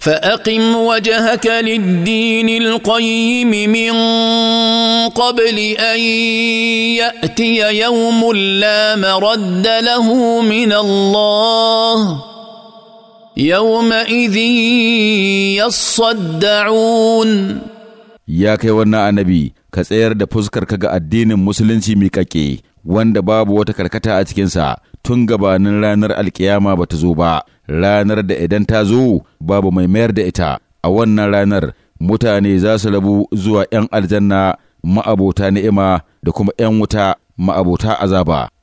فاقم وجهك للدين القيم من قبل ان ياتي يوم لا مرد له من الله يومئذ يصدعون يا كيوانا نبي كسير دا فوزكر كغا الدين المسلم ميكاكي وان دا باب واتكر كتا اتكنسا تنغبا نرانر القيامة بتزوبا ranar da idan ta zo babu mai mayar da ita a wannan ranar mutane za su rabu zuwa ‘yan aljanna ma'abota ni'ima da kuma ‘yan wuta ma'abota azaba.